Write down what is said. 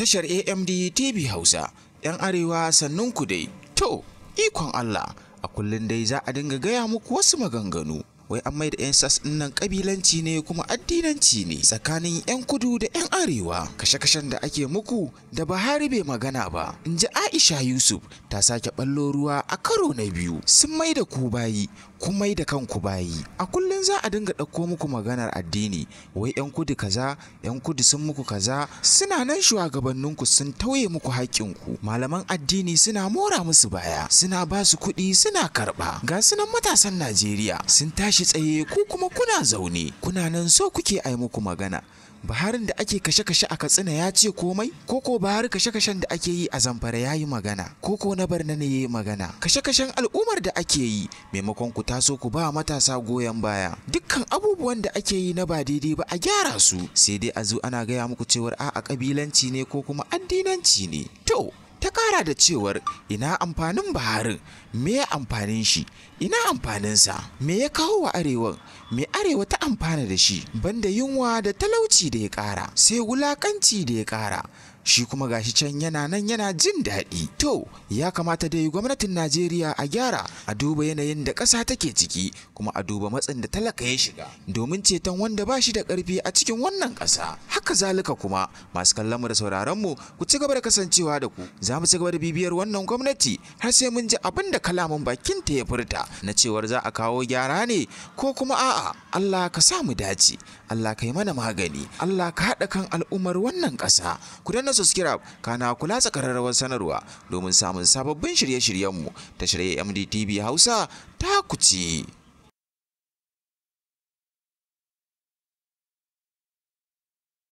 tashar AMD TV Hausa, ‘yan arewa sannan ku dai, to, ikon Allah, a kullum dai za a dinga gaya muku wasu maganganu. wai an maida yan sas din nan kabilanci ne kuma addinanci ne tsakanin yan kudu da yan arewa kashe-kashen da ake muku da bahari bai magana ba in ji Aisha Yusuf ta sake ballo ruwa a karo na biyu sun maida ku bayi ku maida kanku bayi a kullum za a dinga ɗauko muku maganar addini wai yan kudu kaza yan kudu sun muku kaza suna nan shugabanninku sun tauye muku ku. malaman addini suna mora musu baya suna ba su kuɗi suna karɓa ga sunan matasan Najeriya sun tashi tashi tsaye ko kuma kuna zaune kuna nan so kuke ai muku magana Baharin da ake kashe-kashe a Katsina ya ce komai? ko Koko Bahar kashe-kashen da ake yi a Zamfara ya yi magana? ko ko na Barna ne ya yi magana? Kashe-kashen al'ummar da ake yi maimakon ku taso ku ba matasa goyon baya. Dukkan abubuwan da ake yi na ba daidai ba a gyara su sai dai a zo ana gaya muku cewar a'a kabilanci ne ko kuma addinanci ne. To ta kara da cewar ina amfanin baharin me ya amfanin shi ina amfaninsa me ya kawo wa arewa, me arewa ta amfana da shi banda yunwa da talauci da ya kara sai wulakanci da ya kara shi kuma gashi can yana nan yana jin daɗi to ya kamata dai gwamnatin najeriya a gyara a duba yanayin da ƙasa take ciki kuma a duba matsin da talaka ya shiga domin ceton wanda ba shi da ƙarfi a cikin wannan ƙasa haka zalika kuma masu kallon mu da sauraron mu ku ci gaba da kasancewa da ku za mu ci gaba da bibiyar wannan gwamnati har sai mun ji abin da kalamin bakin ta ya furta na cewar za a kawo gyara ne ko kuma a'a Allah ka sa mu dace Allah ka yi mana magani Allah ka haɗa kan al'ummar wannan ƙasa ku na subscribe kana kula tsakararrawar sanarwa domin samun sababbin shirye-shiryenmu ta shirye MDTV Hausa ta kuci.